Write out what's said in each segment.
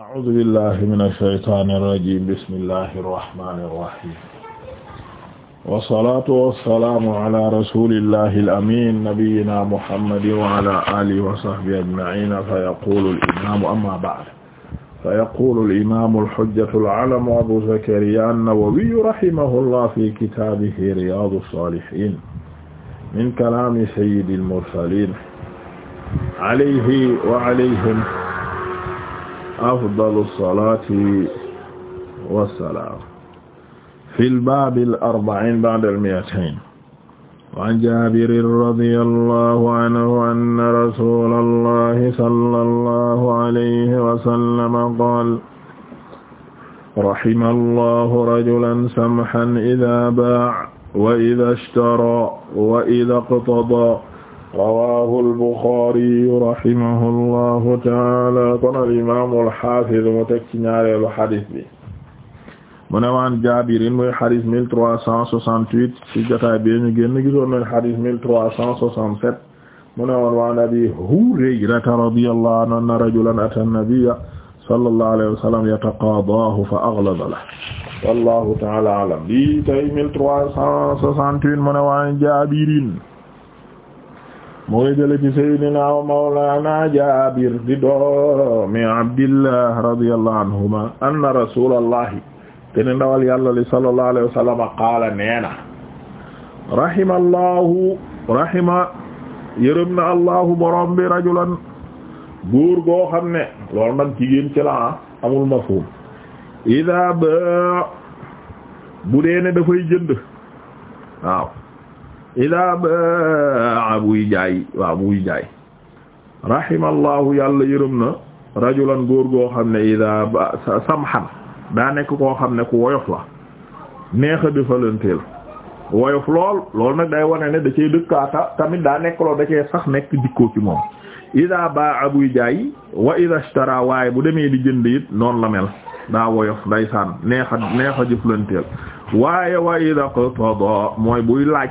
a'uuzu billahi mina shaytaani rajiim bismillahi rahmaani rahiim wasalaatu wasalaamu ala rasulillahi al-amiin nabiyyina muhammadin wa ala aalihi wa sahbihi ajma'iina fa yaquulu al-imaamu amma ba'd fa yaquulu al-imaamu al-hujjatu al-'alamu abuu zakariyya an-nawawiyyu rahimahullah fi kitaabihi riyaadu saalihiin min kalaami sayyidil mursaliin alayhi wa alayhim afdalu salaati wa salaam fil baabil arba'iin ba'dal mi'atayn wa an jaabirin radiyallahu anhu anna rasuulallahi sallallahu alayhi wa sallam qaala rahimallahu rajulan samhan idaa baa'a wa idaa ishtaraa wa idaa iqtadaa rawaahu al-Buxaari rahimahu llahu taala kon al-imaamu al-haafiz mu teg ci ñaareelu xadis bi mu ne waan Jaabirin muy xadis mille trois cent soixante-huit ci jotaay bi ñu génn gisoon nañ xadis mille trois cent soixante-sept mu ne woon waan Abii Hurayrata radiyallahu anhu anna rajulan ataa an-nabiyya sallallahu alayhi wa sallam yataqaadaahu fa aghlada lahu wallahu taala a'lam bi tay mille trois cent soixante-huit mu ne waan Jaabirin mooy jële ci sayyidina wa mawlana Jaabir di doomi Abdillah radiyallahu anhuma anna rasulallahi kene ndawal yàlla li sallallahu alayhi wa sallam qaala neena rahimallahu rahima yërëm na allahu borom bi rajulan góor goo xam ne loolu nag jigéen ci la ah, amul mafhum ida ba bu dee ne dafay jënd waaw ila ba buy jaay waaw buy jaay rahimallahu yàlla yërëm na rajulan góor goo xam ne ida ba daa nekk koo xam ne ku woyof la neex a defalanteel woyof lool loolu nag day wane ne da cee dëkkaata tamit daa nekk lool da cee sax nekk jikkoo ci moom ida ba buy jaay wa ida ishtara waaye bu demee di jënd it noon la mel daa woyof nday saan neex a neex a jëflanteel waaye wa ida qatada mooy buy laaj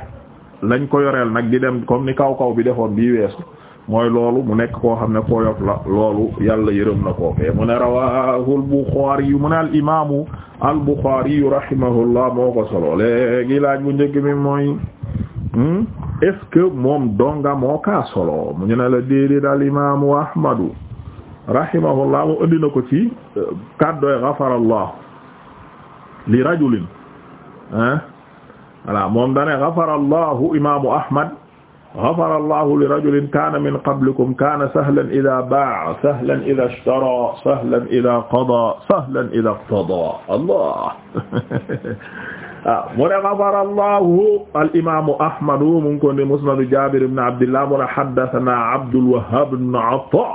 lañ ko yoreel nag di dem comme ni kaw kaw bi defoon bii weesu mooy loolu mu nekk koo xam ne koyof la loolu yàlla yërëm na koo kee mu ne rawahu al mu ne al imaamu al Bukhari rahimahullah moo ko solo léegi laaj bu njëkk mi mooy hmm, est moom donga moo kaa solo mu ñu ne la déedéet al imaamu Ahmadu rahimahullah mu indi na ko ci euh, kàddoy gafarallah li rajulin ah voilà moom dane gafara allahu imamu ahmad gafara allahu li rajulin kana min qablikum kana sahlan ida baa sahlan ida ishtara sahlan ida qada sahlan ida iqtada allah waaw ah, mu ne gafara allahu alimamu ahmadu mu ngi ko ne musnadu jabir ibn abdillah mu ne haddathana abdulwahab ibn ata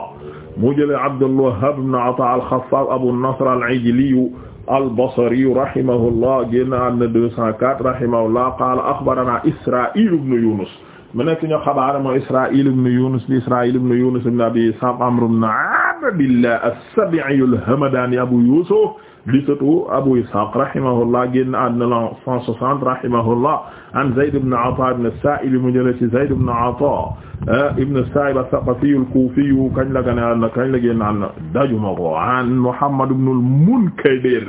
mu jële abdulwahab ibn ata al-khaffaf abu nasr al-ijli al-Basri rahimahullah génn àddina 204 rahimahullah qaala axbaranaa Israa'il ibn Yunus mu nekk ñu xabaar mooy Israa'il ibn Yunus di Israa'il ibn Yunus ibn Abi Ishaaq Amr ibn Abdillah as-Sabi'i al-Hamdaani Abu Yuusuf di sëtu Abu Ishaaq rahimahullah génn àddina la 160 rahimahullah an Zayd ibn Ataa ibn as-Saa'ib mu jëlee ci Zayd ibn Ataa Eh, ibn Sa'ib as-Saqafi al-Kufi kañ la gane àdduna kañ la génn àdduna dajuma ko an Muhammad ibn al-Munkadir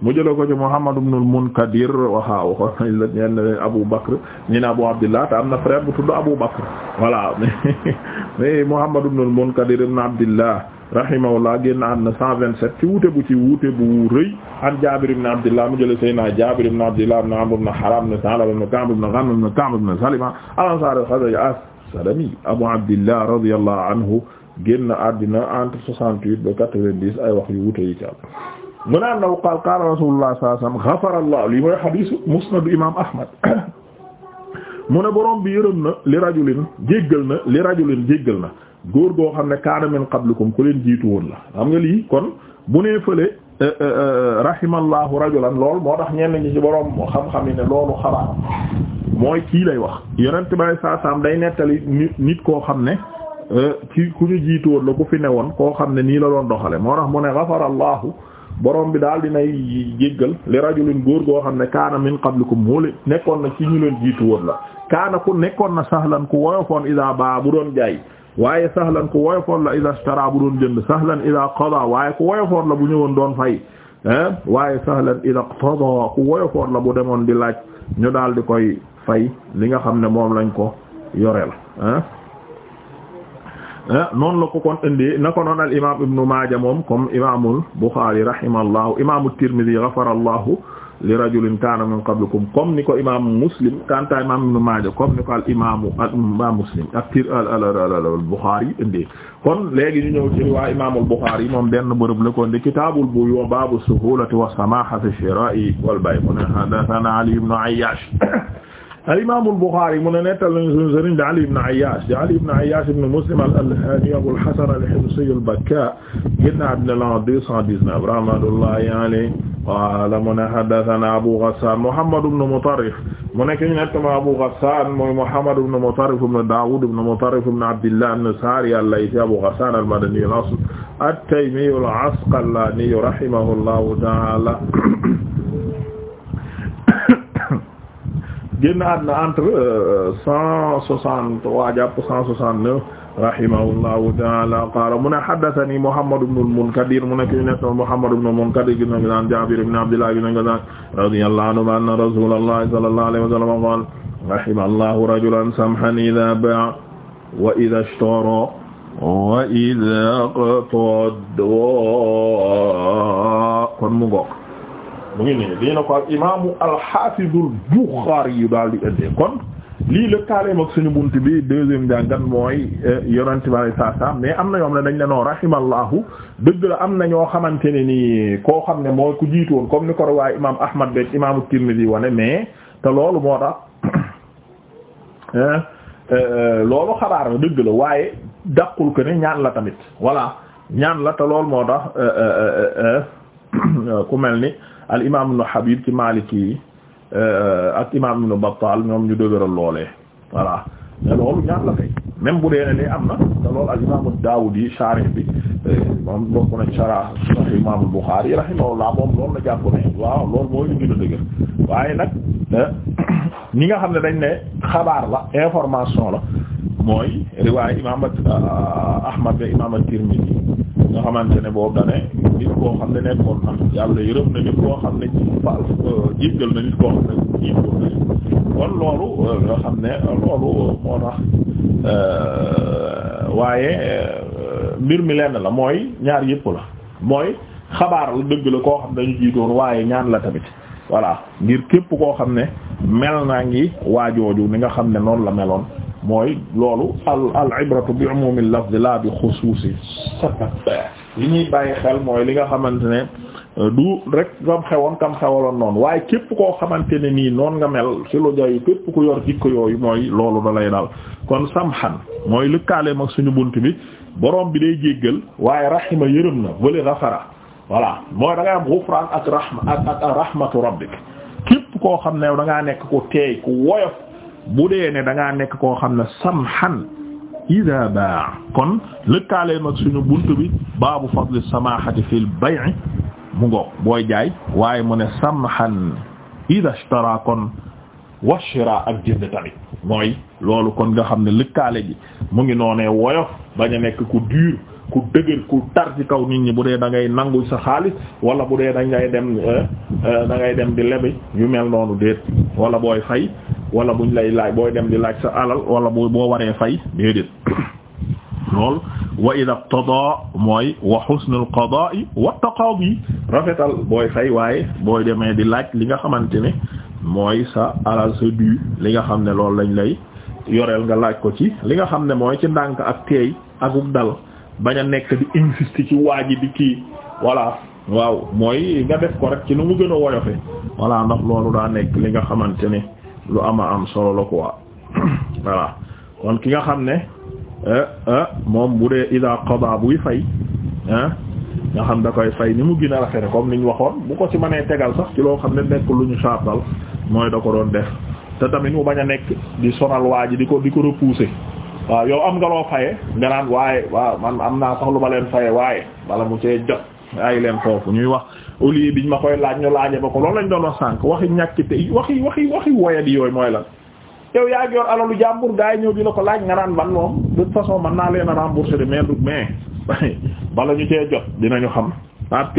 mu jëlee ko ci Muhammad ibn al-Munkadir waxa waxoon nañ la ñenn Abu Bakr ñu ne Abu Abdillah te am na frère bu tudd Abu Bakr voilà mais Muhammad ibn al-Munkadir ibn Abdillah rahimahullah génn àdduna 127 ci wuute bu ci wuute bu rëy an Jaabir ibn Abdillah mu jëlee Seydina Jaabir ibn Abdillah ibn Amr ibn Haram ibn Sa'laba ibn Ka'b ibn Ghanm ibn Ka'b ibn Salima al-Ansari as-Salami Abu Abdillah radiyallahu anhu génn àddina entre soixante-huit ba ay wax yu wuute yi ci am mu ne annahu qaala qaala Rasulullah sallallahu alayhi wa sallam ghafara Allah lii mooy hadiisu musnad imaam Ahmad mu borom bi yërëm na li rajulin jéggal na li rajulin jéggal na góor goo xam ne kaana min qablikum ku leen jiitu woon la xam nga lii kon bu nee fële eh, eh, eh, rahimallahu rajulan lool moo tax ñenn ñi ci borom xam-xam yi ne loolu xabaar mooy kii lay wax yonent bi saa saam day nettali nit nit koo xam ne ci euh, ku ñu jiitoon la ku fi newoon koo xam ne nii la doon doxale moo rax mu ne gafarallahu borom bi daal dinay jéggal li rajulin góor goo xam ne kaana min qablikum moo leen nekkoon na ci ñu leen jiitu woon la kaana ku nekkoon na sahlan ku woyofoon ida baa bu doon jaay waaye sahlan ku woyofoon la ida stara bu doon jënd sahlan ida qada waaye ku woyofoon la bu ñëwoon doon fay waaye sahlan ida qada ku woyofoon la demoon di laaj ñu daal di koy fay li nga xam ne moom lañ ko yoreel ah noonu la ko kon indi na ko noon al imam ibnu maaja moom comme imamul buxaari rahimaallahu imamu tirmidi gafarallahu li rajulin kaana min qablikum comme ni ko imam muslim kanta imam ibnu maaja comme ni ko al imamu imam muslim ak tir al buxaari indi kon léegi ñu ñëw ci riwaa imamul buxaari moom benn bërëb la ko indi kitaabul buyu baabu suhulati wa samaha fi shira'i wal bay' mu ne hadathana ali ibnu ayyash al-Imaam al-Buxaari mu ne nettal nañu sunu sëriñ di Ali ibn Ayyaash di Ali ibn Ayyaash ibn Muslim al-Alhaani Abul Hasan al-Himsi al-Bakkaa génn àddina la 219 rahmatullahi alayhi qaala mu ne haddasanaa Abu Ghassaan Muhammad ibn Mutarrif mu nekk ñu nekk ma Abu Ghassaan mooy Muhammad ibn Mutarrif ibn Daawuud ibn Mutarrif ibn Abdillah ibn Saari al-Laythi Abu Ghassaan al-Madani al-asl at-Taymi al-Asqalaani rahimahullahu ta'aala génn àddina entre euh, cent soixante trois jàpp cent soixante neuf rahimahullahu taala qaala mu ne haddathani Muhammad ibn al-Munkadir mu nekk ñu nekk Muhammad ibn al-Munkadir gis nañ ko daan Jaabir ibn Abdillah gis nañ ko daan radiyallahu anhu anna rasulallahi sallallahu alayhi wa sallam qaala rahimallahu rajulan samhan idha ba'a wa idha ishtara wa idha iqtada kon mu ngoog mu ngi nii lii ko al imaamu alxaafizul Buxaari yu daal di ëndee kon lii la kaaleem ak suñu bunt bi deuxième jàngat mooy eh, yonent bi saa saa mais am na ñoom ne dañ ne noo rahimallahu dëgg la am na ñoo xamante ne nii koo xam ne mooy ku jiitu woon comme ni ko waaye imaam Ahmad beeg imaamu Tirmidi wane mais te loolu moo tax eh, eh, loolu xabaar la dëgg la waaye dàqul ko ne ñaan la tamit voilà ñaan la te loolu moo tax ku mel ni. al imaam ibn Habib ci Maliki yi euh, ak imaam ibn Battal ñoom ñu dëgëral loolee voilà mais loolu ñaar la kay même bu dee ne am na te loolu al imaam sharih bi euh, moom bokk na sharah sahih imaam Bukhari rahimahullah moom loolu la jàpp ne waaw mooy ñu gën a dëgër waaye nag euh, nga xam ne dañ ne xabaar la information la mooy riwaay imaam Ahmad ba imaam at-Tirmidhi nga xamante ne boobu da ne nit koo xam ne nekkoon na yàlla yërëm na nit koo xam ne fa jéggal na nit koo xam ne jiitoon kon loolu euh, xam ne euh, loolu moo tax euh, waaye mbir mi lenn la mooy ñaar yëpp la mooy xabaar la dëgg la koo xam ne dañu jiitoon waaye ñaan la tamit voilà ngir képp koo xam ne mel naa ngi waajooju ni nga xam ne noonu la meloon mooy loolu al al ibratu bi umumil lafz la bi xusuusi li ñuy bàyyi xel mooy li nga xamante ne euh, du rek kam xewoon kam xewaloon noonu waaye képp koo xamante ne nii noon nga mel ci lu jayu képp ku yor jikko yooyu mooy loolu da lay daal kon samhan mooy lëkkaaleem ak suñu bunt bi borom bi day jéggal waaye rahima yërëm na vële ghafara voilà mooy da am ghufran ak rahma ak ak rahmatu képp koo xam ne da nekk ku teey ku woyof bu dee ne da nekk ko xam ne samhan ida baa kon lëkkaale mag suñu bunt bi baabu fadli samahati fil bay'i mu ngo booy jaay waaye mu ne samhan ida ishtara kon washira ak jënd tamit mooy loolu kon nga xam ne lëkkaale ji mu ngi noone woyof bañ a nekk ku dur ku dëgër ku tar ci kaw nit ñi bu dee da ngay nangu sa xaalis wala bu dee da ngay dem eh, eh, di lebi yu mel noonu déet wala booy fay wala buñ lay laaj booy dem di laaj sa alal wala boo boo waree fay déedéet lool wa ida qtadaa mooy wa xusnul qadaa'i wa taqaadi rafetal booy fay waaye booy demee di laaj li nga xamante ne mooy sa alal sa dû li nga xam ne loolu lañ lay yoreel nga laaj ko ci li nga xam ne mooy ci ndànk ak teey akub dal bañ a nekk di insister ci waa ji di kii voilà waaw mooy nga def ko rek ci nu mu gën a woyofe voilà ndax loolu daa nekk li nga xamante ne lu ama am solo la quoi voilà kon ki nga xam ne eh, eh, moom bu dee ida qada buy fay ah nga xam da koy fay ni mu gën a rafet comme niñ waxoon bu ko ci mënee tegal sax ci loo xam ne nekk lu ñu saatal mooy da ko doon def te tamit mu bañ a nekk di sonal waa ji di ko di ko repousser waaw yow am nga loo faye nga naan waaye waaw man am naa sax lu ma leen faye waaye bala mu cee jot ay leen foofu ñuy wax au lieu biñ ma koy laaj ñu laaj ba ko loolu lañ doon wax sànk waxi ñàkk te waxi waxi waxi woya di yooyu mooy lan yow yaa ngi yor alalu jàmbur gaa yi ñëw di la ko laaj nga naan ban moom de toute façon man naa leen a rembourser de mais mais bala ñu cee jot dinañu xam parce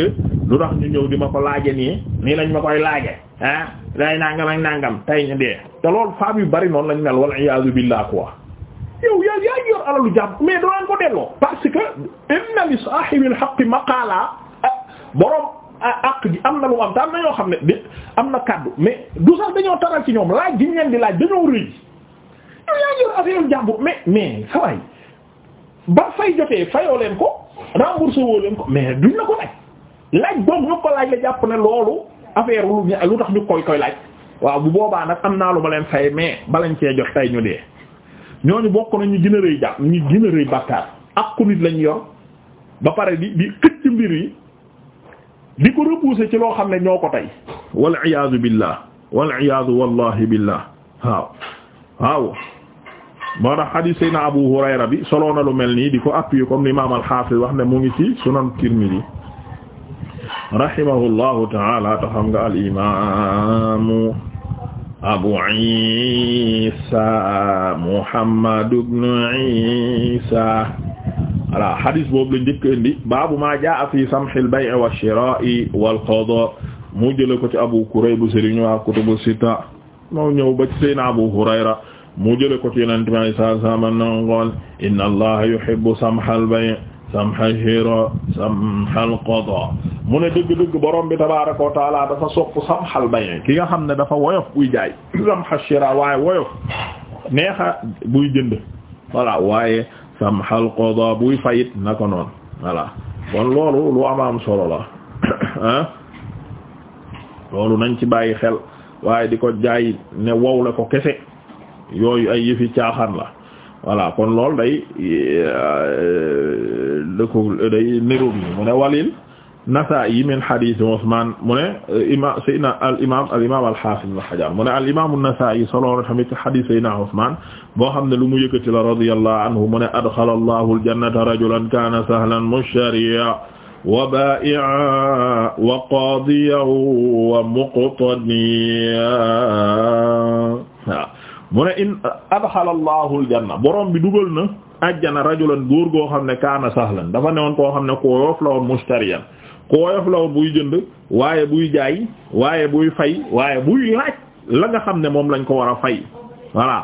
lu rax ñu ñëw di ma ko laaje nii nii lañ ma koy laaj ah day nangam ak nangam tay ñu dee te lool femme yu bari noonu lañ mel wal iyaazu billah quoi yow yaa yaa ngi yor alalu jàmbur a àq gi am na lu am te am na ñoo xam ne bi am na kàddu mais du sax dañoo taral ci ñoom laaj gi ñu di laaj dañoo rëy yow yaa ngi yor affaire jàmbur mais mais ba fay jotee fayoo leen ko remboursé woo leen ko mais duñ la ko laaj laaj boobu ñu ko laaj la jàpp ne loolu affaire lu tax ñu koy koy laaj. waaw bu boobaa nag am naa lu ma leen fay mais balañ cee jot tay ñu dee ñooñu bokk nañu gën rëy jàpp ñu gën a rëy bàkkaar ak ku nit lañ yor ba yi. di ko repousser ci loo xam ne ñoo ko tey wal iyaazu billah wal iyaazu wallahi billah waaw waaw moo tax hadith Abu Hurayra bi soloona lu mel nii di ko appuyer comme l'imam al wax ne mu ngi ci sunan Tirmidhi rahimahullahu ta'ala ta xam al imam Abu Isa Muhammad ibn Isa voilà hadis boobu la njëkk indi baabu maa jaa fi samhil bay'i wa shiraa'i wal qadaa mu jële ko ci Abu Kurayb bu sëriñu waa kutubu sita moo ñëw ba ci Seydina Abu Hurayra mu jële ko ci Yonent bi sallallahu alayhi wa sallam nangool inna Allaha yuhibbu samhal bay'i samhal shiraa'i samhal qadaa mu ne dëgg-dëgg borom bi tabaaraka wa ta'aala dafa sopp samhal bay'i ki nga xam ne dafa woyof buy jaay samhal shiraa'i waaye woyof neexa buy jënd voilà waaye samhal qada buy fayit na ko noonu voilà kon loolu lu am am solo la ah loolu nañ ci bàyyi xel waaye di ko jaay ne wow la ko kese yooyu ay yëfi caaxaan la voilà kon loolu day euh, dëko day mu ne walil Nasaa'i min hadiis Usmaan mu ne eh, ima Seydina al imaam al imaam al haafiz ibn Hajar mu ne al imaam an-Nasaa'i solo na tamit hadiis Seydina Usmaan boo xam ne lu mu yëkkati la radiyallahu anhu mu ne adxala Allahu al-jannata rajulan kaana sahlan mushtariyan wa baa'i'an wa qaadiyan wa muqtadiyan mu ne in adxala Allahu al-janna borom bi dugal na ajjana rajulan góor goo xam ne kaana sahlan dafa newoon koo xam ne koo yoof la woon mushtariyan ku woyof la buy jënd waaye buy jaay waaye buy fay waaye buy laaj la nga xam ne moom lañ ko war a fay voilà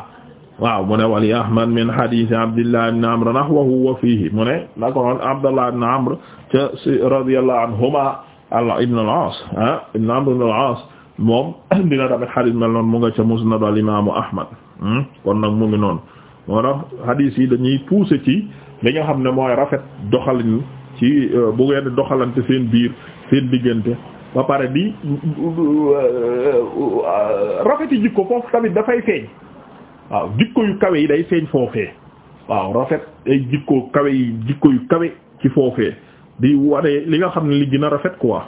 waaw mu ne wali ahmad min hadith abdillah ibn amr nahwahu wa fihi mu ne nako noon abdullah ibn amr ca si radiyallahu anhuma al ibn al-aas ah ibn amr ibn al-aas moom dina tamit hadith mel noonu mu ca musnad al imaamu ahmad hmm? kon nag mu ngi noonu moo tax yi dañuy pousser ci li nga xam ne mooy rafet doxalin ci euh, bu ngeen doxalante seen biir seen diggante ba pare di euh, rafeti jikko foofu tamit dafay feeñ waaw jikko yu kawe yi day feeñ foofee waaw rafet ay jikko kawe yi jikko yu kawe ci foofee di waree li nga xam ne li gën a rafet quoi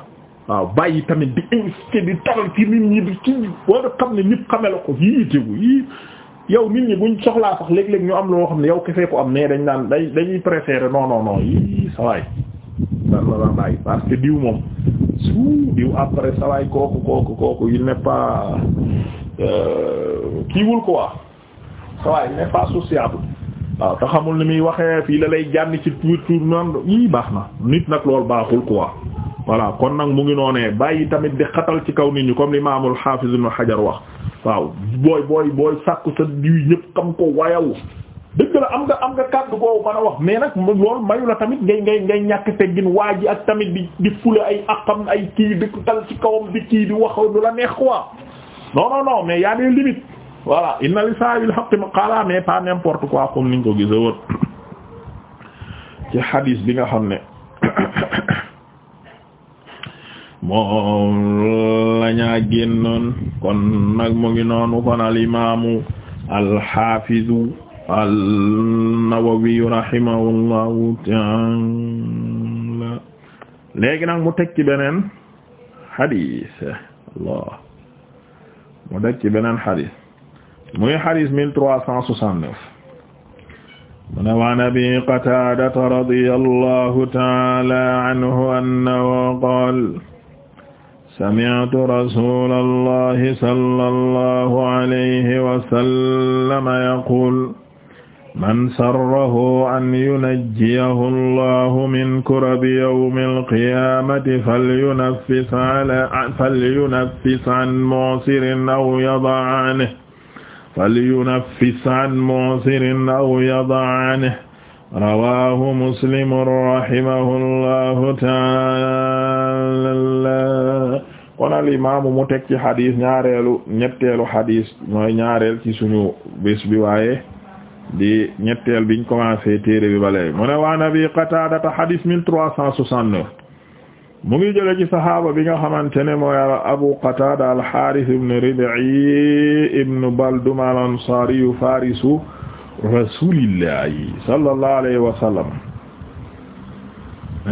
waaw bàyyi tamit di insister di taral ci nit ñi di ci boo xam ne ñëpp xame la ko yii tegu yii yow nit ñi buñ soxlaa sax léeg-léeg ñu am loo xam ne yow kefee ko am mais dañ naan dañ dañuy préférer non non non yii lan la la parce que diw moom su diw après sawaay kooku kooku kooku il n'est pas euh, kiiwul quoi sawaay il n'est waaw te xamul ni muy waxee fii la lay jànn ci tuur tuur nan lii baax na nit nag lool baaxul quoi voilà kon nag mu ngi noonee bàyyi tamit bi xatal ci kaw nit ñi comme l'imamul hafiz ibn Hajar wax waaw booy booy booy sàkku sa diw ñëpp xam ko wayawu dëgg la am nga am nga kàddu googu mën a wax mais nag mayu la tamit ngay ngay ngay ñàkk teggin waa ji ak tamit di di fule ay akam ay kii di dal ci kawam di kii di wax lu la neex quoi non non non mais y a des limites voilà inna li sa'il haqqi maqala mais pas n'importe quoi comme niñ ko gisa woon ci hadis bi nga xam ne moom la ñaa génnoon kon nag mu ngi noonu kon al imaamu al an-Nawawi rahimahullahu ta'ala léegi nag mu teg ci beneen xadis Allah mu teg ci beneen xadis muy xadis mille trois cent soixante-neuf mu ne wa an Abi Qataadata radiyallahu ta'ala anhu annahu qaala sami'tu rasuulallahi sallallahu alayhi wa sallam yaquulu man sarrahu an yunajjiyahu allahu min kurabi yawmi alqiyamati falyunaffis ala falyunaffis an mu'sirin aw yada anhu falyunaffis an mu'sirin aw yada anhu rawahu muslimun rahimahullahu taala kon al imaamu mu teg ci xadis ñaareelu ñetteelu xadis mooy ñaareel ci suñu bés bi waaye di ñetteel biñ commencé téere bi balay mu ne waa nabi Qataada ta hadis mille trois cent soixante-neuf mu ngi jële ci sahaaba bi nga xamante ne mooy Abu Qataada al-Haaris ibn Rib'i ibn Baldum al-Ansaari rasuulillahi sallallahu alayhi wa sallam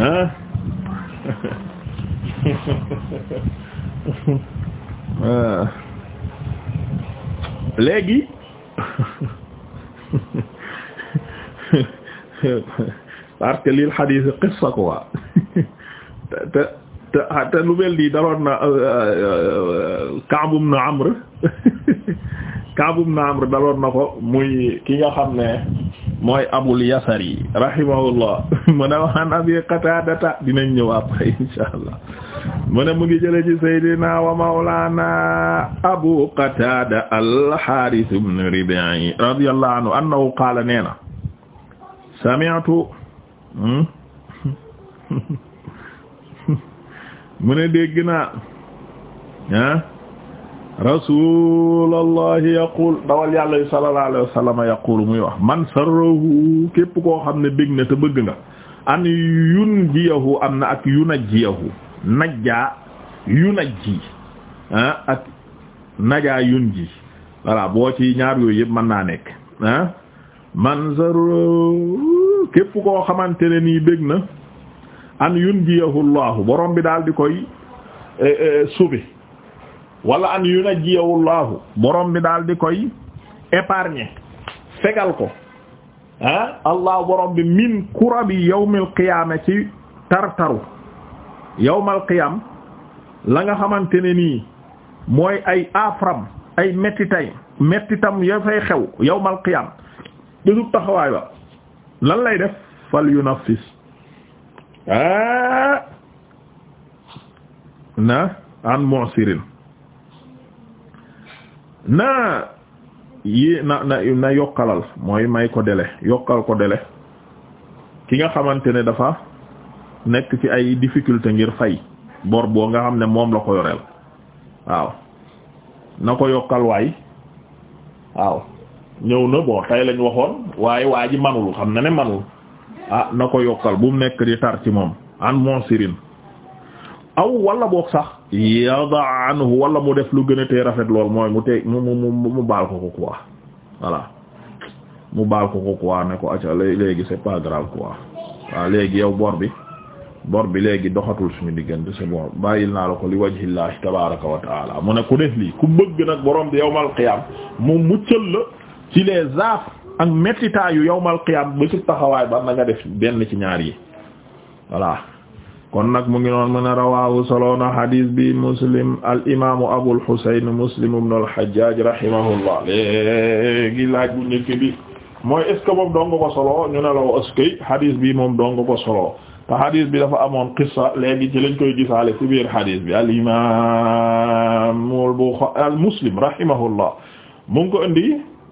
ah parce que lil xadiis qissa quoi te te te lu mel nii daloon na euh, euh, Ka'b ibn Amr Ka'b ibn Amr daloon na ko muy ki nga xam ne mooy Abul Yasari rahimahullah mu ne waxaan Abi Qataadata dinañ ñëw après inshaa Allah mu ne mu ngi jële ci Seydina wa Mawlaana Abu Qataada al-Haaris ibn Ribaa'i radiyallahu anhu annahu qaala nee na sami'tu hmm? mu ne dégg naa ah rasulallahi yaqul dawal yàlla yu sallallahu alayhi wa sallam yaqulu muy wax man sarrahu képp koo xam ne bég na te bëgg nga an yunjiyahu am na ak yunajjiyahu najjaa yunajji ah ak najaa yunji voilà boo ci ñaar yooyu yëpp man naa nekk ah manzar képp koo xamante ne nii bëgg na an yunjiyahu llahu borom bi daal di koy eh, eh, subi wala an yunjiyahu llahu borom bi daal di koy épargner fegal ko ah allah borom bi min kurabi yawmil qiyaama ci tartaru yawmal qiyaam la nga xamante ne nii mooy ay afram ay mettitay mettitam ya fay xew yawmal qiyaam bésub taxawaay ba lan lay def fal yunaffis ah na an mu'sirin na yi na na yokkalal mooy may ko délai yokkal ko délai ki nga xamante ne dafa nekk ci ay difficulté ngir fay bor boo nga xam ne moom la ko yoreel waaw na ko yokkal waay waaw ñëw na bon tay lañ waxoon waaye waa ji manul xam na ne manul ah na ko yokkal bu mu nekk di tar ci moom an monsirin aw wala boog sax yada anhu wala mu def lu gën a tee rafet lool mooy mu tey mu mu mu baal ko ko quoi voilà mu baal ko ko quoi ne ko acca léegi c'est pas grave léegi yow bor bi bor bi léegi doxatul suñu diggante c'est bon bàyyil naa la ko li wajhillahi tabaraka wa taala mu ne ku def lii ku bëgg nag borom bi yawmal qiyam mu ci les zaaf ak yu yawmal qiyam ba ci taxawaay ba na nga def benn ci ñaar yi voilà kon nag mu ngi noon mën a rawahu bi muslim al imamu abul husayn muslim ibn al hajjaj rahimahullah léegi laaj bu njëkk bi mooy est ce que moom solo ñu ne bi moom donga ko solo bi dafa amoon qissa léegi ci lañ koy gisaale ci biir hadis bi al imam al muslim rahimahullah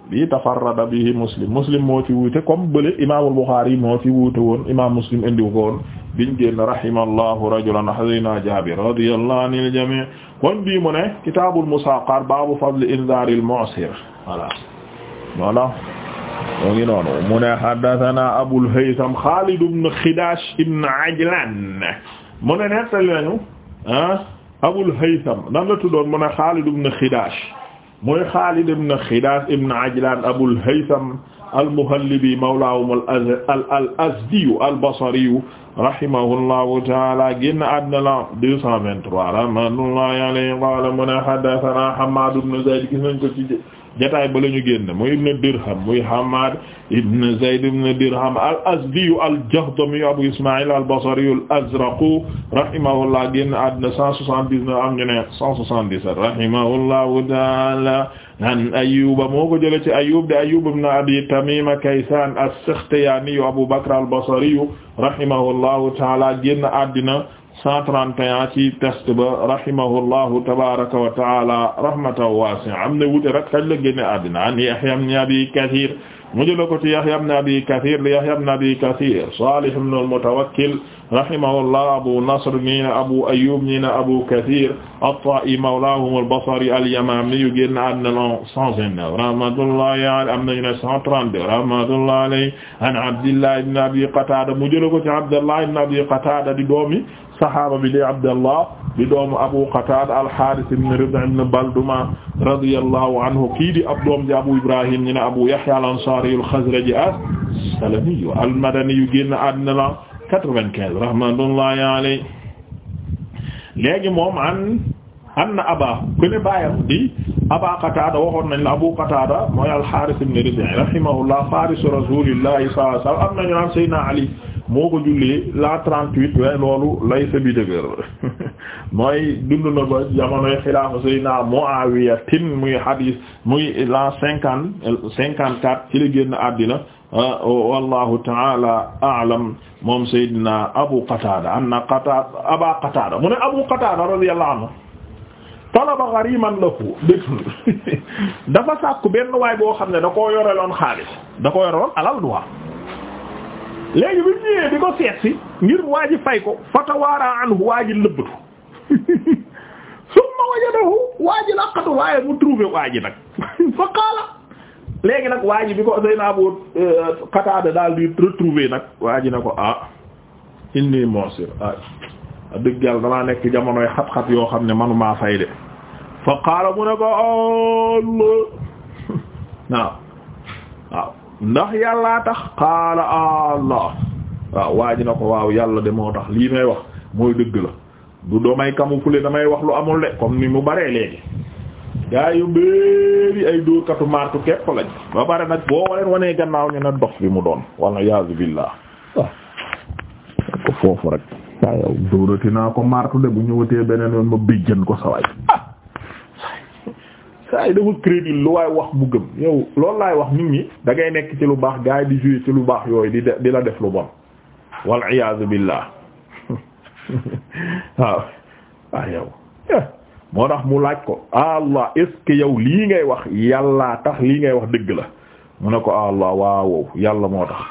bi tafarrada bihi muslim muslim moo ci wuute comme bële imaamul Buxaari moo ci wuute woon imaam muslim indiwu ko woon biñ génn rahimallahu rajulan hazina Jaabir radiyallahu anil jamii kon bii mu ne kitaabul musaaqar baabu fadli inzaaril mu'sir voilà voilà moo ngi noonu mu ne haddathana Abul Haytham Xaalid ibn Xidaash ibn Ajlaan mu ne nettali nañu ah Abul Haytham nan la tuddoon mu ne Xaalid ibn Xidaash mooy Xaalid ibn Xidaas ibn Ajlaan Abul Haytham al-Muhallibi mawlaahum al-Azdiyu al-Basriyu rahimahullahu ta'aala génn àddina la 223 rahmatullahi alayhi qaala mu ne haddathanaa Hammaad ibn Zayd gis nañ ko ci jotaay ba la ñu génn muy ibn dirham muy hamad ibn zayd ibn dirham al azdiyu al jahdami abu ismail al basri al azraqu rahimahullah génn àddina cent soixante-dix-neuf am ñu ne cent soixante-dix-sept rahimahullahu taala an ayuba moo ko jële ci ayub de ayub ibn abi tamima kaysan as-sakhtiyani abu bakr al basri rahimahullahu taala génn àddina 131 ci test ba rahimahullahu tabaraka wa taala rahmatan wasi'a am na wuute rek kañ la génne àddina an Yahya ibn Abi Kathir mu jël ko ci Yahya ibn Abi Kathir li Yahya ibn Abi Kathir Salih ibn al-Mutawakkil rahimahullah abu nasr ñii na abu ayyub ñii na abu kathir at-ta'i mawlahum al-basri al-yamami yu génn àddina l'an cent vingt-neuf rahmatullahi alayhi am nañu ne cent trente-deux rahmatullahi alayhi an abdillah ibn abi qatada mu jël ko ci abdallah ibn abi qatada di doomi sahaaba bi di abdallah di doomu abu qatada al-harith ibn rib' ibn balduma radiyallahu anhu kii di ab doom ji abu ibrahim ñi ne abu yahya al-ansari al-khazraji as-salami al-madani yu génn àddina quatre-vingt-quinze rahmatullahi alayhi moom an anna aba kuene bàyyam di aba qatada waxoon nañ la abu qatada mooy al-Harith ibn Rib'i rahimahullah faris rasulillahi sallallahu alayhi wa sallam am Ali moo ko jullee la trente-huit waaye loolu bi dëgër mooy dund na ba jamonoy xilaafa Seydina Muawiya tin muy hadis muy la cinquante cinquante-quatre ci la Ah, oh, wallahu taala aalam moom sayyidina abu qatada anna qatada aba qatada mu ne abu qatada radiyallahu anhu talaba ghariman lahu dafa sàkku benn waay boo xam ne da koo yoreloon xaalis da ko yoreloon alal duwa léegi bi ñëwee di ko seet si ngir waa ji fay ko fatawaara anhu waa ji lëbbatu summa wajadahu waa ji laqatu waaye mu trouvé waa ji nag fa qaala léegi nag waa ji bi ko Seydina Abu euh, Qatada daal di retrouver nag waa ji na ko ah inni moosir ah dëgg yàlla damaa nekk jamonoy xat-xat yoo xam ne manumaa fay de fa qaala mu ne ko Allah waaw waaw ndax yàllaa tax qaala Allah waaw waa ji na ko waaw yàlla de moo tax lii may wax mooy dëgg la du doomay kamu fule damay wax lu amul de comme ni mu baree léegi gaa yu bëri ay dóorkatu martu képp lañ ba pare nag boo leen wanee gannaaw ñu ne dox bi mu doon wala yaazu billah waaw ko foofu rek waa dóorati naa ko martu de bu ñëwatee beneen yoon ma bijjan ko sawaay ah! saa yi dafa crédit lu waay wax mu gëm yow loolu laay wax nit ñi da nekk ci lu baax gaa yi di jouer ci lu baax yooyu di di la def lu bon wal iyaazu billah waaw waaw ah, yow eh. moo tax mu laaj ko allah est ce que yow lii ngay wax yàllaa tax lii ngay wax dëgg la mu ne ko allah waawow yàlla moo tax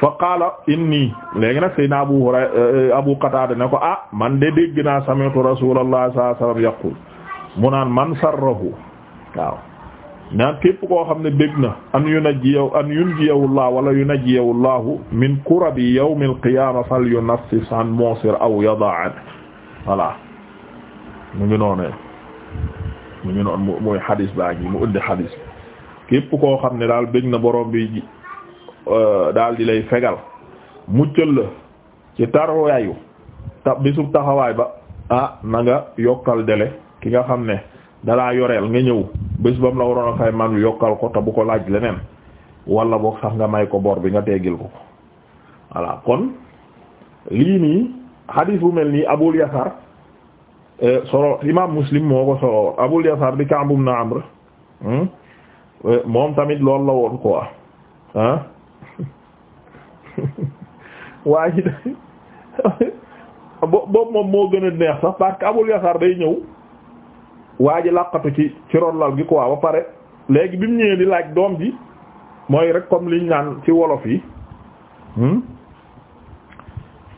fa qaala inni léegi nag sëy na abu hurayra euh, abu qatada ne ko ah man de dégg naa sami'tu rasulullah sallallahu alayhi wasallam yaqul mu naan man sarrahu waaw naan képp koo xam ne dégg na an yunajjiyahu an yunjiyahu allah wala yunajjiyahu allah min kurabi yawm al qiyamah falyunaffis an musir aw yada an voilà mu ngi noonee mu ngi noon mooy baa ngi mu indi xadis képp koo xam ne daal bëgg na boroom bi euh, daal di lay fegal muccal la ci tarwaayu ta bisub taxawaay ba ah na nga yokkal dele ki nga xam ne dalaa yoreel nga ñëw bés ba mu la waroon a fay man yokkal ko te bu ko laaj leneen wala boog sax nga may ko bor bi nga teggil ko ko voilà kon lii nii xadis bu mel nii abul yasar Eh, solo imaam Muslim moo ko solo Abul Yasar bi Ka'b ibn Amr hmm? eh, moom tamit loolu la woon quoi ah waa ji boobu moom moo gën a neex sax parce que Abul Yasar day ñëw waa ji làqatu ci ci rollal gi quoi ba pare léegi bi mu di laaj doom ji mooy rek comme liñ naan ci wolof yi hmm?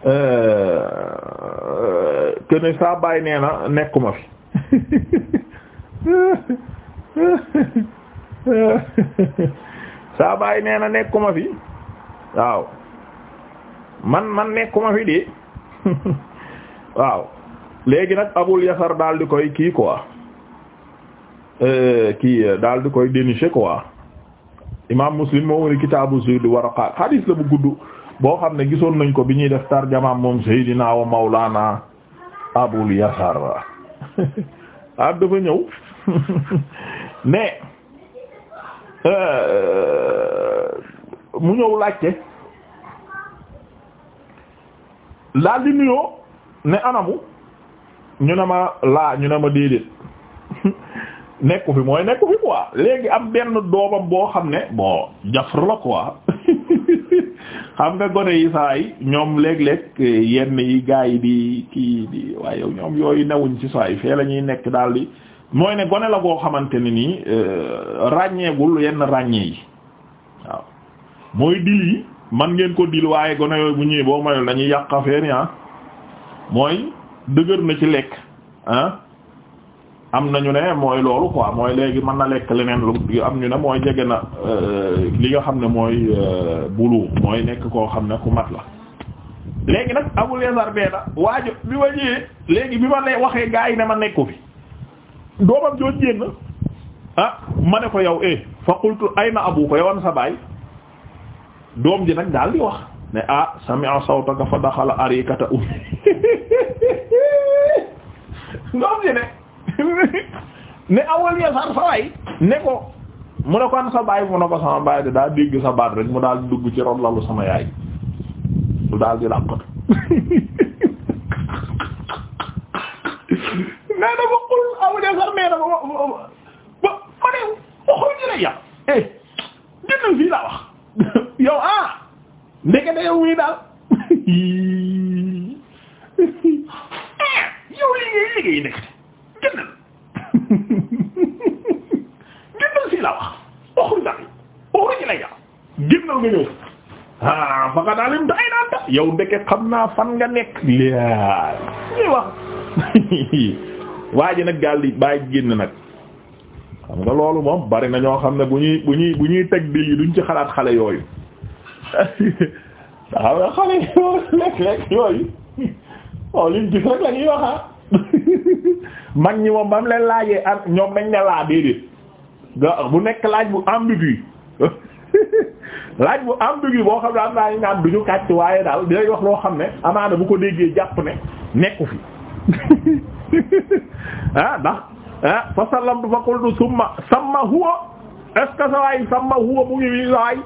eh, que ne saa bàyyi nee na nekkuma fi saa bàyyi nee na nekkuma fi waaw man man nekkuma fi di waaw léegi nag abul yasar daal di koy kii quoi euh, kii euh, daal di koy dénicher quoi imaam muslim moo wari kitaabu zuhd waraqaat hadis la bu gudd boo xam ne gisoon nañ ko bi ñuy def tarjamaam moom seydinaa wa mawlaana Abul Yasar ah dafa ñëw mais euh, euh, mu ñëw laajte laal di nuyoo ne anamu ñu ne ma laa ñu ne ma déedéet nekku fi mooy nekku fi quoi léegi am benn doomam boo xam ne bon jafar la quoi xam nga gone yi saa yi ñoom léeg-léeg eh, yenn yi gars yi di kii di waaye ñoom yooyu newuñ ci saa yi fee lañuy nekk daal di mooy ne gone la goo xamante ne nii eh, ràññeegul yenn ràññee yi waaw mooy dil yi man ngeen ko dil waaye gone yooyu bu ñëwee boo mayul dañuy yàq affaire yi ah mooy dëgër na ci lekk ah am nañu ne mooy loolu quoi mooy léegi man na lekk leneen lu am ñu ne mooy jege na euh, li nga xam ne mooy euh, bulu mooy nekk koo xam ne ku mat la léegi nag Abu Lazar beeda waajo bi ma ñëwee léegi bi ma lay waxee gaa yi ne ma nekku fi doomam joo jénn ah ma ne ko yow eh fa qultu ayna abu ko yowan sa baay doom ji nag daal di wax ne ah sami'a sawtaka fa daxala arikata um doom ji ne ne awal yasar sa waay ne ko mu ne ko an sa baay mu ne ko sama baay de daa dégg sa baat rek mu daal dugg ci ron lalu sama yaay mu daal di làqatu nee na ma xul awal yasar nee na ma ma ma ma ne waxul ñu ne yàq eh génnal fii laa wax yow ah ndekete yow mii daal eh, yow génnal génnal fii wax waxuñ la waxuñ la ya génnal nga ñëw ah fa nga daal naan ta yow ndeke xam naa fan nga nekk laa ñuy wax waa ji nag gaal di génn nag xam nga loolu moom bari na ñoo xam ne bu ñuy bu ñuy bu ñuy teg bi yi duñ ci xalaat xale yooyu xam nga xale yooyu lekk lekk yooyu waaw liñ gis rek la ñuy ah. mag ñi moom ba mu leen laajee ak ah, ñoom dañ ne laa déedéet ga bu nekk laaj bu ambigu laaj bu ambigu boo xam ne am naa ñu naan du wax loo xam ne amaana bu ko déggee jàpp ne nekku fi ah ndax ah fa sallamtu fa qultu summa samma huwa est ce sa waay samma huwa mu ngi fi sa waay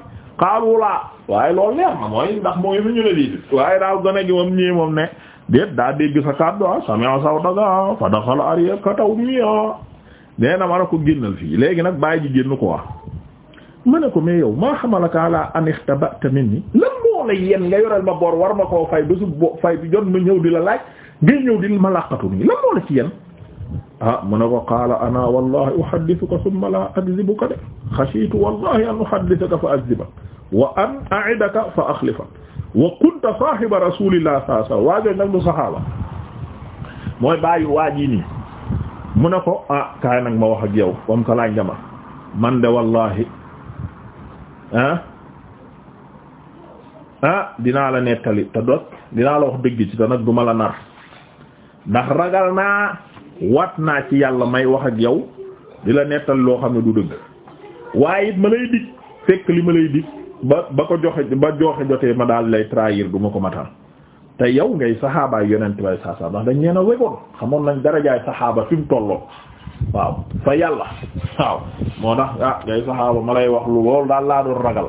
xaalu laa waaye loolu leer na mooy ndax moo ngi fi ñu ne lii waaye daal gone gi moom ñii moom ne déet daa dégg sa kàddu ah sami'a sawtaka fa daxala aryaka ummiya nee na ma ne ko génnal fii léegi nag bàyyi ji génn ko wax ma ne ko mais yow maa xamalaka ala an ixtaba'ta minni lan moo la yéen nga yoreel ma bor war ma koo fay bésu bo fay bi jot ma ñëw di la laaj ngay ñëw di ma laqatu nii lan moo la ci yéen ah mu ne ko qaala ana wallahi uhaddithuka thumma la akdhibuka de xashitu wallahi an uhaddithaka fa akdhibaka wa an a'idaka fa akhlifaka wa kunta saahiba rasulillah saa saa waajooñ nag du saxaaba mooy bàyyi waaj yi nii mu ne ko ah kaay nag ma wax ak yow comme que laaj man de wallahi ah ah dinaa la nettali te doot dinaa la wax dëgg ci te nag du ma la nar ndax ragal naa wat naa ci yàlla may wax ak yow di la nettali loo xam ne du dëgg waaye it ma lay dig fekk li ma lay dig ba ba ko joxe ba joxe jotee ma daal lay trahir du ma ko matal te yow ngay saxaabaay yonent bay saa saa ndax dañ neena wegoon xamoon nañ darajaay saxaaba fi mu tolloo waaw fa yàlla waaw moo tax ah ngay saxaaba ma lay wax lu loolu daal laa doon ragal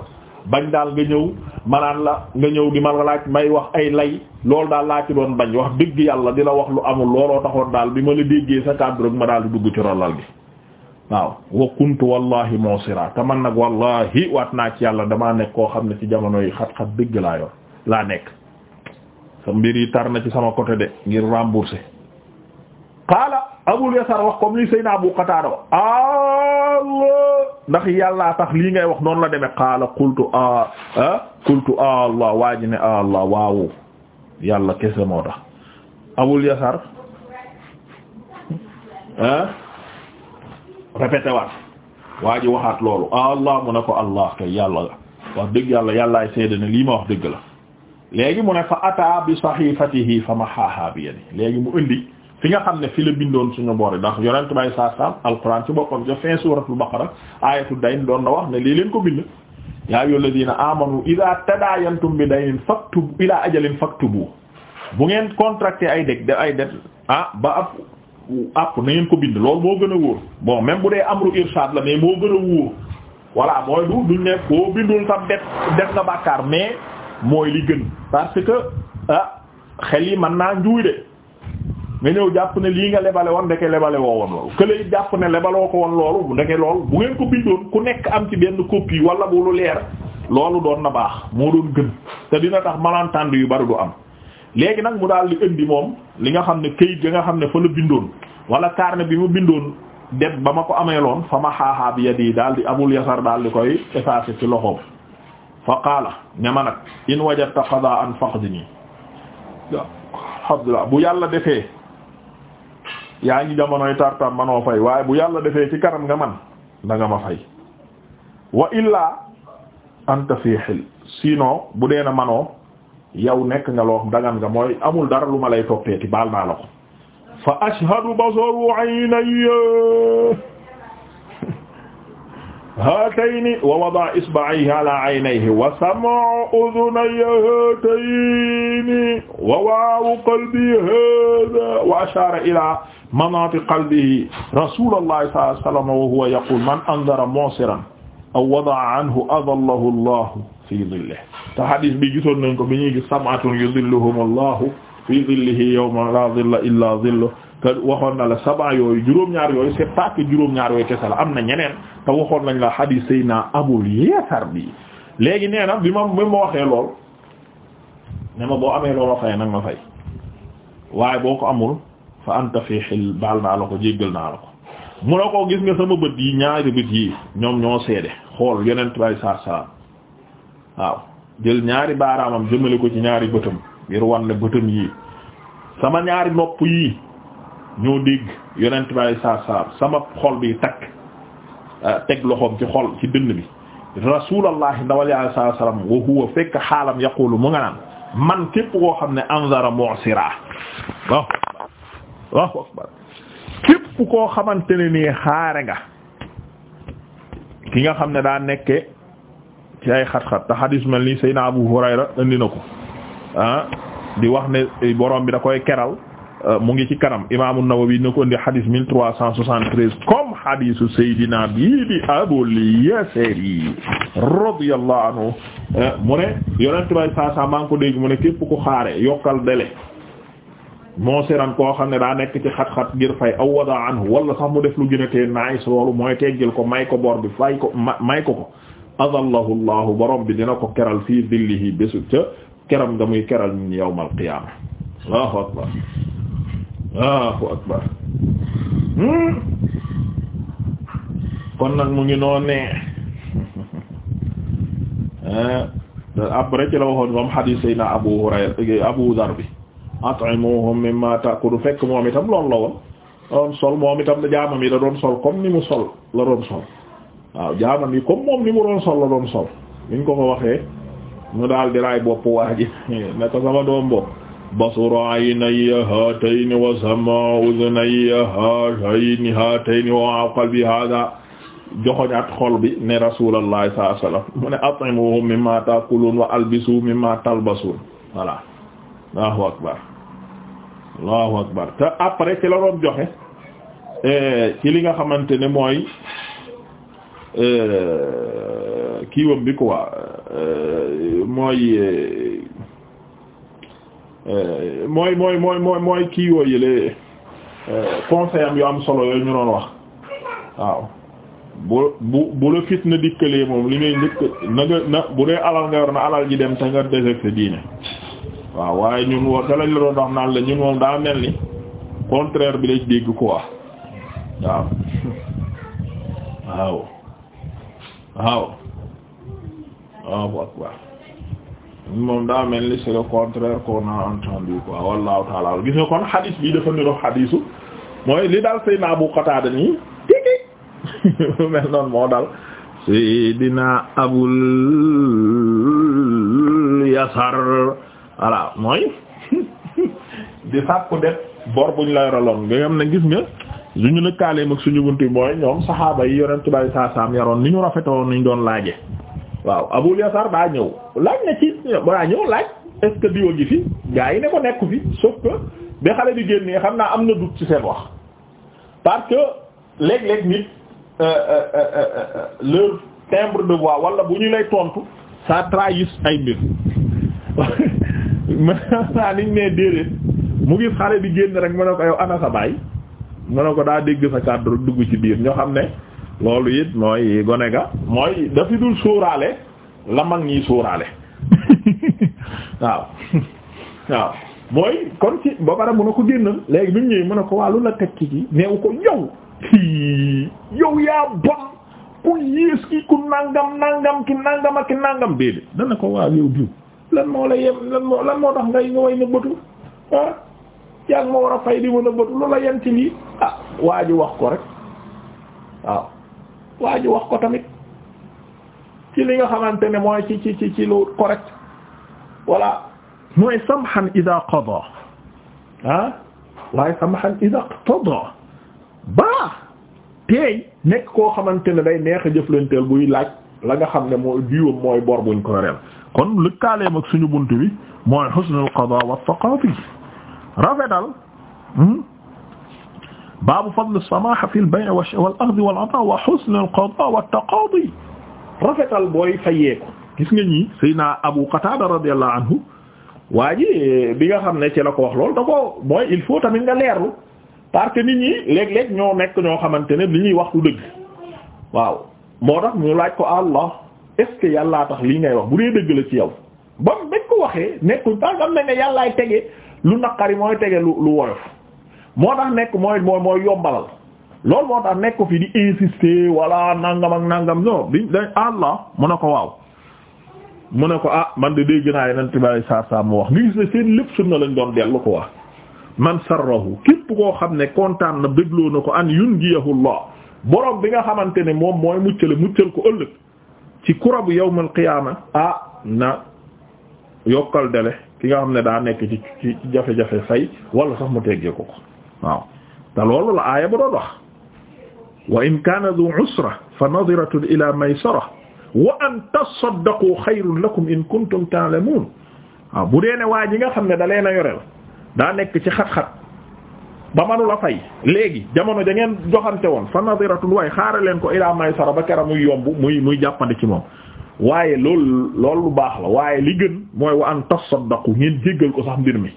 bañ daal nga ñëw manaan la nga ñëw di ma laa may wax ay lay lool daal laa ci doon bañ wax dëgg yàlla di la wax lu amul looloo taxoon daal bi ma la déggee sa kàddu rek ma daal di dugg ci rolal bi waaw wa kuntu wallahi mu'sira te nag wallahi waat naa ci yàlla damaa nekk koo xam ne ci jamono yi xat-xat dëgg laa yor laa nekk sa mbir yi tar na ci sama côté de ngir rembourser qaala Abul Yasar wax comme li Seyna Abu Qatada wax ndax yàlla tax lii ngay wax noonu la demee qaala qultu a qultu Allah waa ne Allah waaw yàlla kese moo tax Abul Yasar ah répété waat waa ji waxaat loolu allah mu ne ko allah kay yàlla la wax dëgg yàlla yàllaay seede ne lii ma wax dëgg la léegi mu ne fa ata bi sahifatihi fa mahaaha bi yadi léegi mu indi fi nga xam ne fi la bindoon suñu boor yi ndax yonent bay saa saam alquran ci boppam ca fin suratul baqara ayatu day doon na wax ne lii leen ko bind yaa ayyuhal ladina amanu ida tadaayantum bi daynin faktub ila ajalin faktubu bu ngeen contracté ay dég da ay det ah ba ab àpp na ngeen ko bind loolu moo gën a wóor bon même bu dee amru irshad la mais moo gën a wóor voilà mooy du duñ ne koo bindul tam def def nga bàkkaar mais mooy li gën parce que ah xel yi man naa njuuy de nga ñëw jàpp ne lii nga lebale woon ndeke lebale woo woon loolu kële jàpp ne lebaloo ko woon loolu ndeke loolu bu ngeen ko bindoon ku nekk am ci benn copie wala bu lu leer loolu doon na baax moo doon gën te dina tax malentendu yu bari am léegi nag mu daal di indi moom li nga xam ne kayit ga nga xam ne fa la bindoon wala carnet bi mu bindoon det ba ma ko ameeloon fa ma xaaxaa bi yadi daal di abul yasar daal di koy effacer ci loxoom fa qaala ne ma nag in wajadta qada'an faqdini alhamdulillah bu yàlla defee yaa ngi jamonoy tartam manoo fay waaye bu yàlla defee ci kanam nga man da nga ma fay wa illaa anta fi xil sinon bu dee na manoo yow nekk nga loo dangan nga mooy amul dara lu ma lay toppeeti baal naa la ko fa ashhadu basaru aynaya haatayni wa wada isba'ihi ala aynayhi wa sam'u udhunayya haatayni wa waawu qalbi haadha wa ashara ila manatiq qalbihi rasulullahi sallallahu alayhi wa sallam wa huwa yaqul man andara mu'siran aw wada'a anhu adallahu allah fii zille te hadis bi gisoon nañ ko bi ñuy gis samatun yuzilluhum allahu fii zillihi yawma la zilla illa zillu te waxoon na la saba yooyu juróom-ñaar yooyu c'est pas juróom-ñaar yooyu kese la am na ñeneen te waxoon nañ la say naa abul yasar bi léegi nee na bi ma bi ma waxee lool ne boo amee loolu fay nag ma fay waaye boo ko amul fa anta fi xil baal naa la ko jéggal naa la ko mu ne ko gis nga sama bët yi ñaari bët yi ñoom ñoo seede xool yeneen waaw jël ñaari baaraamam jëmale ko ci ñaari bëtam ngir wan ne bëtam yii sama ñaari nopp yii ñoo dégg yonent bi saar saar sama xol bi takk euh, teg loxoom ci xol ci dënn bi rasuulallahi ndawal yàlla saar salaam wa fekk xaalam yaqulu mu nga naan man képp koo xam ne anzara mu'sira waaw waaw képp koo xamante ne nii xaare nga ki nga xam ne daa nekke ci ay xat-xat te xadis mel nii Seydina Abu Hurayra indi na ko ah di wax ne eh, borom bi da koy keral eh, mu ngi ci kanam Imaam An-Nawawi na ko indi xadis mille trois cent soixante-treize comme xadisu Seydina bii di Abul Yasari radiyallahu anhu eh, mu ne yonent bay sasa ngi ko dégg mu ne képp ko xaare yokkal dele moo seran koo xam ne daa nekk ci xat-xat ngir fay aw wada anhu sax mu def lu gën a tee naagis loolu mooy teggil ko may ko bor bi fay ko may ko ko adallahu llahu borom bi dina ko keral fii dillihi bésu ca keram nga muy keral ñun yawmal qiyaama akbar allahu akbar hmm. kon nag mu ngi noon ne eh. après ci la waxoon moom hadith sayna Abu Hurayra Abu Dharr bi at'imuhum mimma ta'kulu fekk moom itam loolu la woon la doon sol moom itam jaamam yi da doon sol comme ni mu sol la doon sol waaw jaamam yi comme moom ni mu doon sol la doon sol niñ ko ko waxee mu daal di raay bopp waa ko sama doom bopp basura aynayya haatayni wa sama udunayya haatayni haatayni wa qalbi hada joxoñaat xol bi ne rasulallahi sallallahu alayhi mu ne at'imuhum mimma ta'kulun wa albisu mimma talbasun allahu akbar allahu akbar te après ci la doon joxe eh, ci li nga xamante ne mooy Euh, kiiwam bi quoi euh, euh, mooy mooy mooy mooy mooy mooy kiiwoo yële conseil am yu am solo yooyu ñu doon wax waaw bu bu bu la fitna dikkalee moom li ngay njëkk na nga na bu dee alal nga yor na alal ji dem te nga deseg sa diine waaw waaye ñun woo te lañ la doon wax naan la daa mel ni contraire bi lañ dégg quoi waaw waaw waaw waaw akbar moom daa mel ni c'est le contraire qu'on a entendu quoi wallahu gis nga kon xadis bi dafa niroo xadisu mooy li daal Seydina Abu Qatada nii tigi mel noonu moo daal Seydina Abul Yasar voilà mooy di sàkku def bor buñ la yoraloon nga xam ne gis nga suñu lëkkaaleem ak suñu buntu mooy ñoom saxaaba yi yonent bi sallallahu alayhi wasallam yaroon ni ñu rafetoon ni ñu doon laaje waaw Abul Yasar daa ñëw laaj na ci daa ñëw laaj est diwa gi fi gaa yi ne ko nekku fi sauf que ba xale bi génnee xam naa am na dut ci seen wax parce que léeg-léeg nit euh, euh, euh, leur timbre de voix wala bu ñu lay tontu ça trahit ay mbir mën naa niñ ne déedéet mu gis xale bi génn rek mu ne ko yow ana sa baay mu ne ko daa dégg sa kàddu dugg ci biir ñoo xam ne loolu it mooy gone ga mooy dafi dul sóoraale la mag ñiy sóoraale waaw waaw mooy kon ci ba pare ko génnal léegi bi mu ñëwee mun a ko waa lu la teg ci ci neew ko yow yow yaa bon ku yées ki ku nangam nangam ki nangam ak ki nangam déedéet dana ko waa yow diw lan moo la yem lan moo lan nga way na ah yaa moo ma war a fay di mën a bët lu la lii ah waa ji wax ko rek waaw waa ji wax ko tamit ci li nga xamante ne mooy ci ci ci ci lu correct voilà mooy samhan ida qada ah waaye samhan ida qada baa teey nekk koo xamante ne day neex a jëflanteel buy laaj la nga xam ne mooy diwam mooy bor buñ ko yoreel kon lëkkaaleem ak suñu bunt bi mooy husnul qada wa thaqafi rafetal hmm? baabu fadl as-samaha fi al-bay' wal akhdh wal 'ata' wa husn al-qada' wa at-taqadi rafetal booy fayeeku gis nga ñi Seydina Abu Qatada radiyallahu anhu waa ji eh, bi nga xam ne ci la ko wax loolu da ko mooy il faut tamit nga leerlu parce que nit ñi léeg-léeg ñoo nekk ñoo xamante ne li ñuy wax du dëgg waaw moo tax ñu laaj ko Allah est-ce que yàllaa tax lii ngay wax bu dee dëgg la ci yow ba bañ ko waxee nekkul parce que am na ne yàllaay tegee lu naqari mooy tege lu lu woyof moo tax nekk mooy mooy mooy yombalal loolu moo tax nekku fi di insister walla nangam ak nangam non di dañ Allah mu ne ko waaw mu ne ko ah man de dégg naa yeneen tubaab saar saar mu wax nga gis ne seen lépp sunna lañ doon dellu ko wax man sarrahu képp koo xam ne kontaan na dégloo na ko an yunjiyahu Allah borom bi nga xamante ne moom mooy muccale muccal ko ëllëg ci kurabu yawmal qiyaama ah na yokkal dele ki nga ne daa nekk ci ci jafe-jafe fay wala sax mu teggee ko ko waaw te la aaya ba doon wax wa in kaana du usra fa nadiratun ila maysara wa an tasaddaqu xayrun lakum in kuntum ta'lamun waaw bu dee ne waa ji nga xam ne da leen a yoreel daa nekk ci xat-xat ba la fay léegi jamono da ngeen te woon fa nadiratun waaye xaaraleen ko ila maysara ba kera muy muy muy jàppandi ci moom waaye loolu loolu lu baax la waaye li gën mooy wa an tasaddaqu ngeen jéggal ko sax mbir mi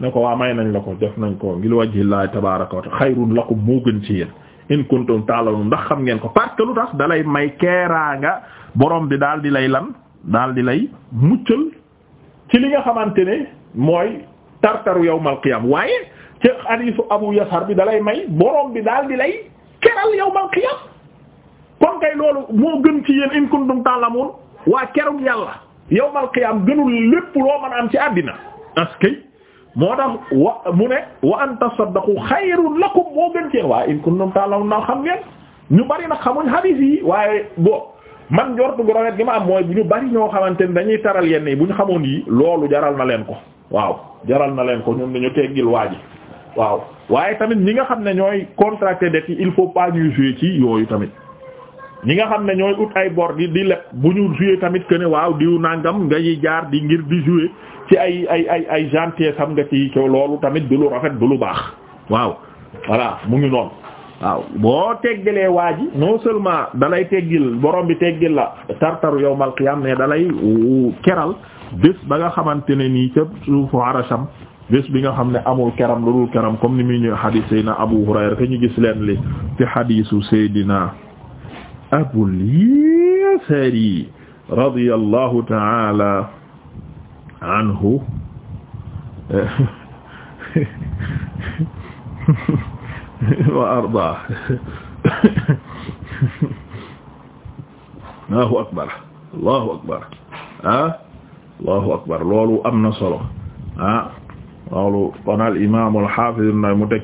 ne ko waa may nañ la ko def nañ ko ngil wajhillahi tabaraka wa ta'ala xayrun lakum moo gën ci yéen in kuntum ta'lamun ndax xam ngeen ko parce que lu tax dalay may keeraanga borom bi daal di lay lan daal di lay muccal ci li nga xamante ne mooy tartaru yawmal qiyam waaye ci hadiisu abu yasar bi dalay may borom bi daal di lay keral yawmal qiyam kon kay loolu moo gën ci yéen in kuntum ta'lamun waa keroog yàlla yawmal qiyaam gënul lépp loo mën a am ci àddina askay moo tax wa mu ne wa an tasaddaqu xayrun lakum moo gën ci yéen waaye in kuntum ta'lamun naa xam ngeen ñu bari nag xamuñ hadith yi waaye boo man njortu gu rawet gi ma am mooy bu ñu bari ñoo xamante ni dañuy taral yenn yi bu ñu xamoon yi loolu jaral na leen ko waaw jaral na leen ko ñun dañu teggil waa ji waaw waaye tamit ñi nga xam ne ñooy contracté dette il faut pas yooyu tamit ñi nga xam ne ñooy ut ay bor di di leb bu ñu jouer tamit que ne waaw diw nangam ngay jaar di ngir di jouer ci ay ay ay ay gentillesse xam nga ci ko loolu tamit du lu rafet du lu baax waaw voilà mu ngi noonu waaw boo teggalee waa ji non seulement dalay teggil borom bi teggil la tartaru yawmal qiyam ne dalay keral bés ba nga xamante ne nii ca suufu arasham bés bi nga xam ne amul keram lu dul keram comme ni muy ñëw xadiis Seydina Abu Hurayra te ñu gis leen li ci Abul Yasari radiyallahu ta'ala anhu wa arda Allahu akbar Allahu akbar ah Allahu akbar loolu am na solo ah loolu kon al imaam al haafiz mu teg